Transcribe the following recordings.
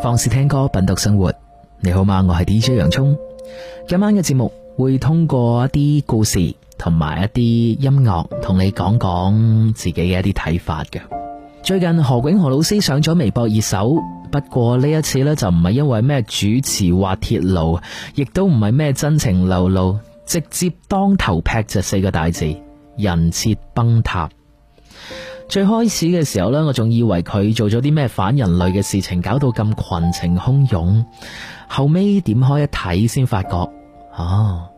放肆聽歌，品讀生活。你好嗎？我係 DJ 洋葱。今晚嘅節目會通過一啲故事同埋一啲音樂，同你講講自己嘅一啲睇法嘅。最近何永何老師上咗微博熱搜，不過呢一次呢，就唔係因為咩主持滑鐵盧，亦都唔係咩真情流露，直接當頭劈就四個大字：人設崩塌。最開始嘅時候咧，我仲以為佢做咗啲咩反人類嘅事情，搞到咁群情洶湧。後尾點開一睇，先發覺哦，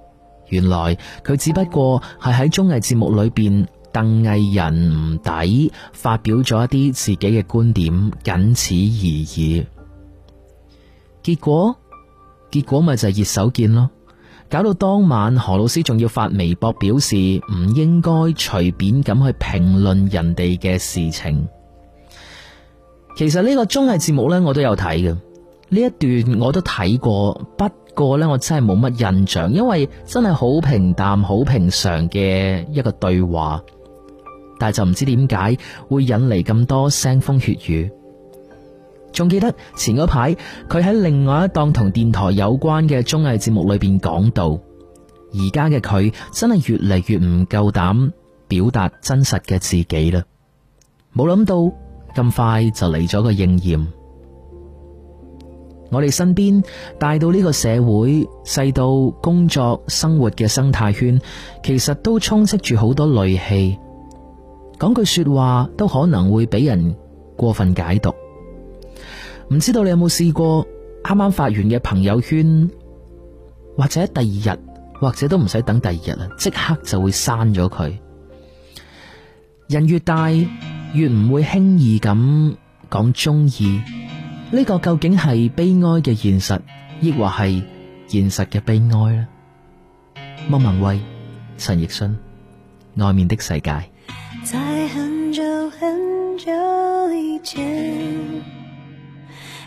原來佢只不過係喺綜藝節目裏邊戥藝人唔抵，發表咗一啲自己嘅觀點，僅此而已。結果結果咪就係熱搜見咯。搞到當晚，何老師仲要發微博表示唔應該隨便咁去評論人哋嘅事情。其實呢個綜藝節目呢，我都有睇嘅，呢一段我都睇過，不過呢，我真係冇乜印象，因為真係好平淡好平常嘅一個對話，但係就唔知點解會引嚟咁多腥風血雨。仲記得前嗰排，佢喺另外一檔同電台有關嘅綜藝節目裏邊講到，而家嘅佢真係越嚟越唔夠膽表達真實嘅自己啦。冇諗到咁快就嚟咗個應驗。我哋身邊大到呢個社會，細到工作生活嘅生態圈，其實都充斥住好多戾氣，講句說話都可能會俾人過分解讀。唔知道你有冇試過啱啱發完嘅朋友圈，或者第二日，或者都唔使等第二日啦，即刻就會刪咗佢。人越大，越唔會輕易咁講中意。呢個究竟係悲哀嘅現實，亦或係現實嘅悲哀呢？莫文蔚、陳奕迅，外面的世界。在很久很久以前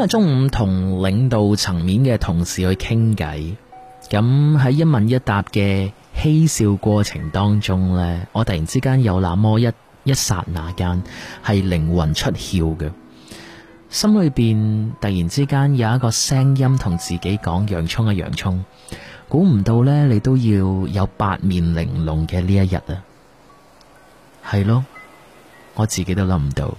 今日中午同領導層面嘅同事去傾偈，咁喺一問一答嘅嬉笑過程當中呢，我突然之間有那麼一一剎那間係靈魂出竅嘅，心裏邊突然之間有一個聲音同自己講：洋蔥啊，洋蔥！估唔到呢，你都要有八面玲瓏嘅呢一日啊，係咯，我自己都諗唔到。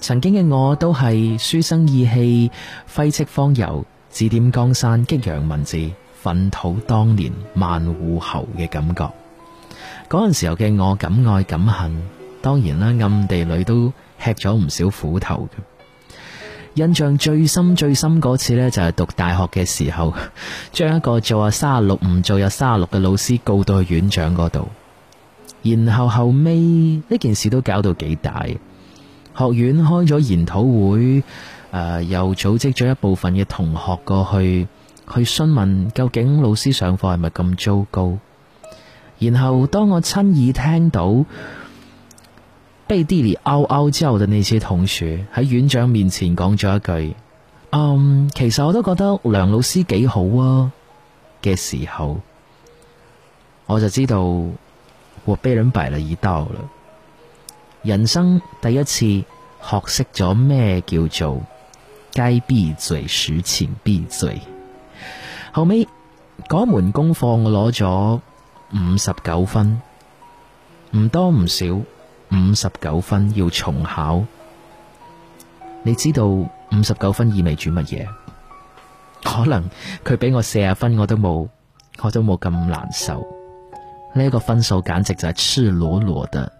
曾經嘅我都係書生意氣，揮斥方遒，指點江山，激揚文字，糞土當年萬戶侯嘅感覺。嗰陣時候嘅我，敢愛敢恨，當然啦，暗地裏都吃咗唔少苦頭。印象最深最深嗰次呢，就係讀大學嘅時候，將一個做阿三十六唔做又三十六嘅老師告到去院長嗰度，然後後尾呢件事都搞到幾大。學院開咗研討會，誒、呃，又組織咗一部分嘅同學過去去詢問究竟老師上課係咪咁糟糕。然後當我親耳聽到背地裏嗷嗷之後嘅那些同學喺院長面前講咗一句：嗯、um，其實我都覺得梁老師幾好啊，嘅時候，我就知道我被人擺了一刀了。已人生第一次學識咗咩叫做雞必罪鼠前必罪。後尾嗰門功課我攞咗五十九分，唔多唔少五十九分要重考。你知道五十九分意味住乜嘢？可能佢俾我四十分我都冇，我都冇咁難受。呢、這個分數簡直就係赤裸裸的。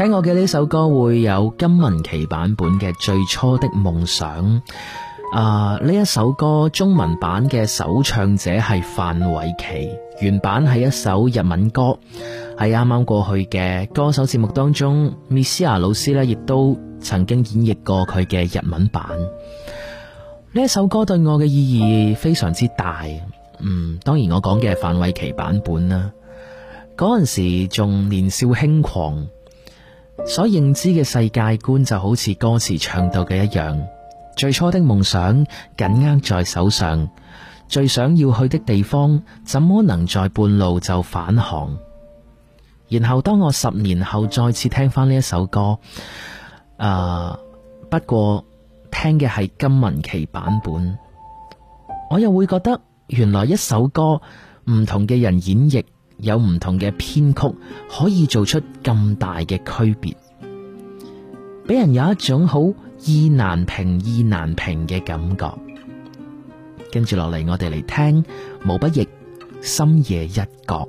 聽我嘅呢首歌會有金文琪版本嘅最初的夢想。啊，呢一首歌中文版嘅首唱者係范瑋琪，原版係一首日文歌，喺啱啱過去嘅歌手節目當中，Misia 老師咧亦都曾經演繹過佢嘅日文版。呢一首歌對我嘅意義非常之大。嗯，當然我講嘅係范瑋琪版本啦。嗰陣時仲年少輕狂。所認知嘅世界觀就好似歌詞唱到嘅一樣，最初的夢想緊握在手上，最想要去的地方，怎麼能在半路就返航？然後當我十年後再次聽翻呢一首歌，啊，不過聽嘅係金玟岐版本，我又會覺得原來一首歌唔同嘅人演繹。有唔同嘅編曲可以做出咁大嘅區別，俾人有一種好意難平、意難平嘅感覺。跟住落嚟，我哋嚟聽毛不易《深夜一角》。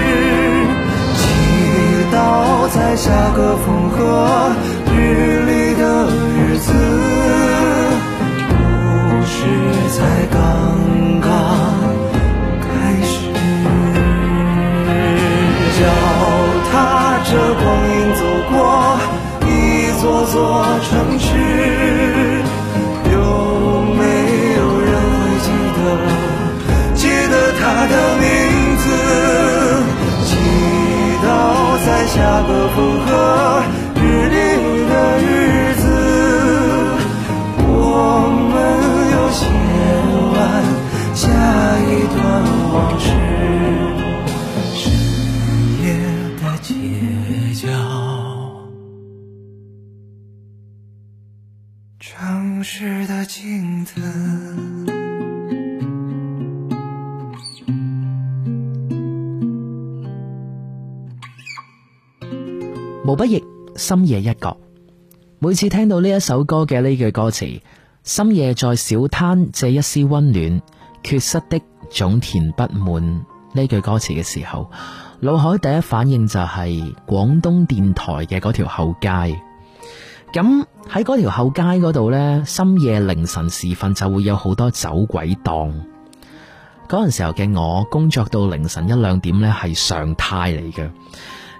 城市的鏡子，毛不易《深夜一角》，每次聽到呢一首歌嘅呢句歌詞“深夜在小攤借一絲溫暖，缺失的總填不滿”呢句歌詞嘅時候，腦海第一反應就係廣東電台嘅嗰條後街。咁喺嗰條後街嗰度呢，深夜凌晨時分就會有好多走鬼檔。嗰陣時候嘅我，工作到凌晨一兩點呢，係常態嚟嘅，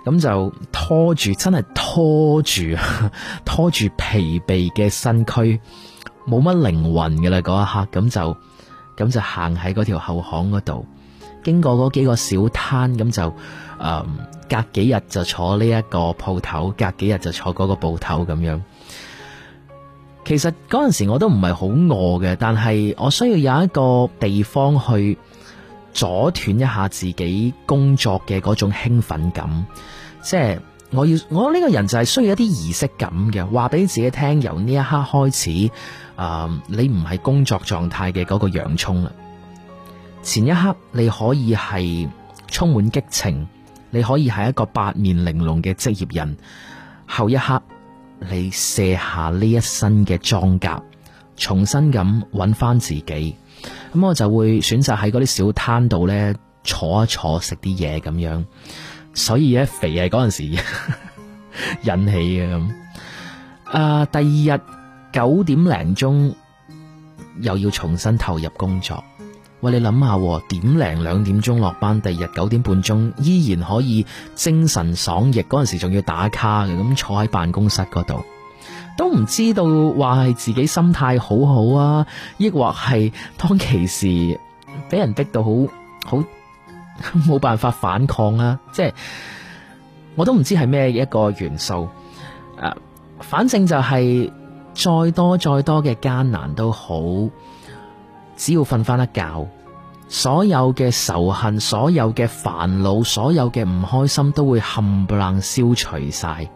咁就拖住，真係拖住，拖住疲憊嘅身軀，冇乜靈魂嘅啦，嗰一刻，咁就咁就行喺嗰條後巷嗰度。經過嗰幾個小攤，咁就誒、嗯，隔幾日就坐呢一個鋪頭，隔幾日就坐嗰個鋪頭咁樣。其實嗰陣時我都唔係好餓嘅，但係我需要有一個地方去阻斷一下自己工作嘅嗰種興奮感。即係我要，我呢個人就係需要一啲儀式感嘅，話俾自己聽，由呢一刻開始，誒、嗯，你唔係工作狀態嘅嗰個洋蔥啦。前一刻你可以係充滿激情，你可以係一個八面玲瓏嘅職業人；後一刻你卸下呢一身嘅裝甲，重新咁揾翻自己。咁我就會選擇喺嗰啲小攤度呢坐一坐，食啲嘢咁樣。所以咧，肥係嗰陣時 引起嘅咁。啊，第二日九點零鐘又要重新投入工作。喂，你諗下點零兩點鐘落班，第二日九點半鐘依然可以精神爽逸，嗰陣時仲要打卡嘅。咁坐喺辦公室嗰度，都唔知道話係自己心態好好啊，抑或係當其時俾人逼到好好冇辦法反抗啊？即係我都唔知係咩一個元素，誒，反正就係再多再多嘅艱難都好。只要瞓翻一覺，所有嘅仇恨、所有嘅煩惱、所有嘅唔開心都會冚唪唥消除晒。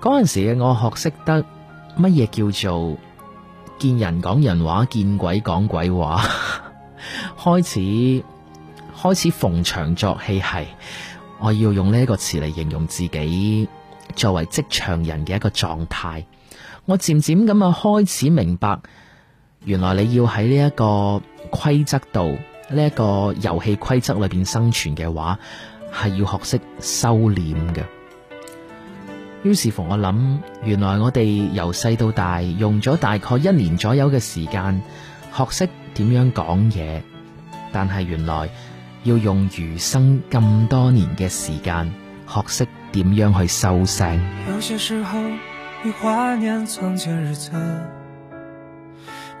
嗰陣時我學識得乜嘢叫做見人講人話，見鬼講鬼話。 開始開始逢場作戲，係我要用呢個詞嚟形容自己作為職場人嘅一個狀態。我漸漸咁啊開始明白。原來你要喺呢一個規則度，呢、這、一個遊戲規則裏邊生存嘅話，係要學識收斂嘅。於是乎，我諗，原來我哋由細到大，用咗大概一年左右嘅時間學識點樣講嘢，但係原來要用餘生咁多年嘅時間學識點樣去收聲。有些時候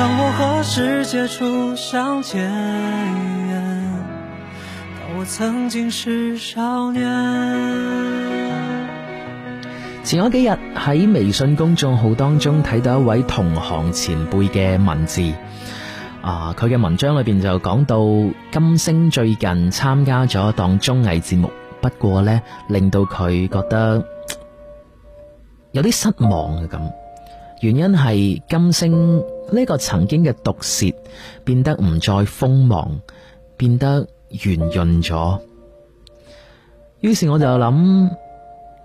當我和世界初相見，我曾經是少年。前嗰幾日喺微信公眾號當中睇到一位同行前輩嘅文字，啊，佢嘅文章裏邊就講到金星最近參加咗一檔綜藝節目，不過呢，令到佢覺得有啲失望咁。原因係金星呢個曾經嘅毒舌變得唔再鋒芒，變得圓潤咗。於是我就諗，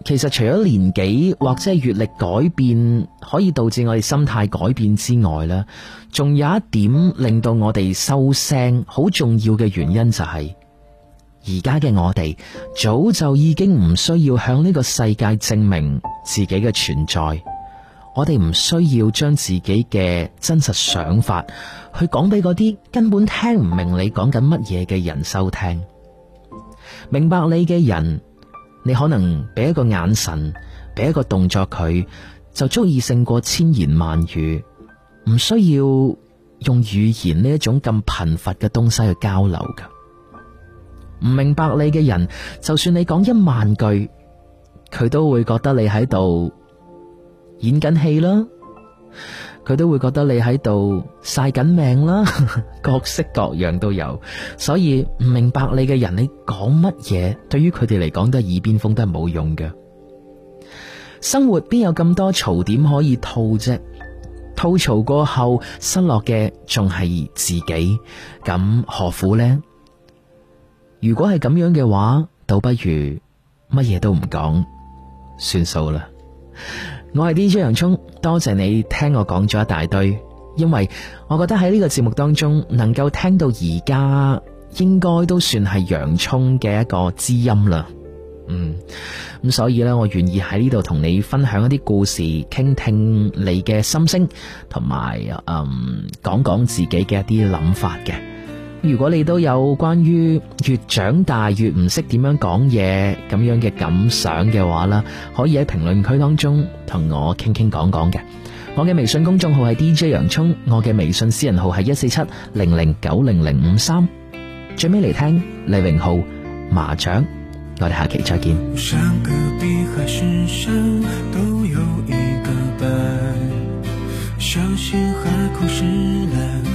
其實除咗年紀或者係閱歷改變可以導致我哋心態改變之外咧，仲有一點令到我哋收聲好重要嘅原因就係，而家嘅我哋早就已經唔需要向呢個世界證明自己嘅存在。我哋唔需要將自己嘅真實想法去講俾嗰啲根本聽唔明你講緊乜嘢嘅人收聽。明白你嘅人，你可能俾一個眼神，俾一個動作，佢就足以勝過千言萬語，唔需要用語言呢一種咁貧乏嘅東西去交流噶。唔明白你嘅人，就算你講一萬句，佢都會覺得你喺度演緊戲啦，佢都會覺得你喺度晒緊命啦，各式各樣都有，所以唔明白你嘅人，你講乜嘢對於佢哋嚟講都係耳邊風，都係冇用嘅。生活邊有咁多槽點可以吐啫？吐槽過後失落嘅仲係自己，咁何苦呢？如果係咁樣嘅話，倒不如乜嘢都唔講，算數啦。我係 DJ 洋蔥，多謝你聽我講咗一大堆，因為我覺得喺呢個節目當中，能夠聽到而家應該都算係洋蔥嘅一個知音啦。嗯，咁所以咧，我願意喺呢度同你分享一啲故事，傾聽你嘅心聲，同埋嗯，講講自己嘅一啲諗法嘅。如果你都有關於越長大越唔識點樣講嘢咁樣嘅感想嘅話啦，可以喺評論區當中同我傾傾講講嘅。我嘅微信公眾號係 D J 洋葱，我嘅微信私人號係一四七零零九零零五三。最尾嚟聽李榮浩麻雀，我哋下期再見。上個上都有一個伴傷心海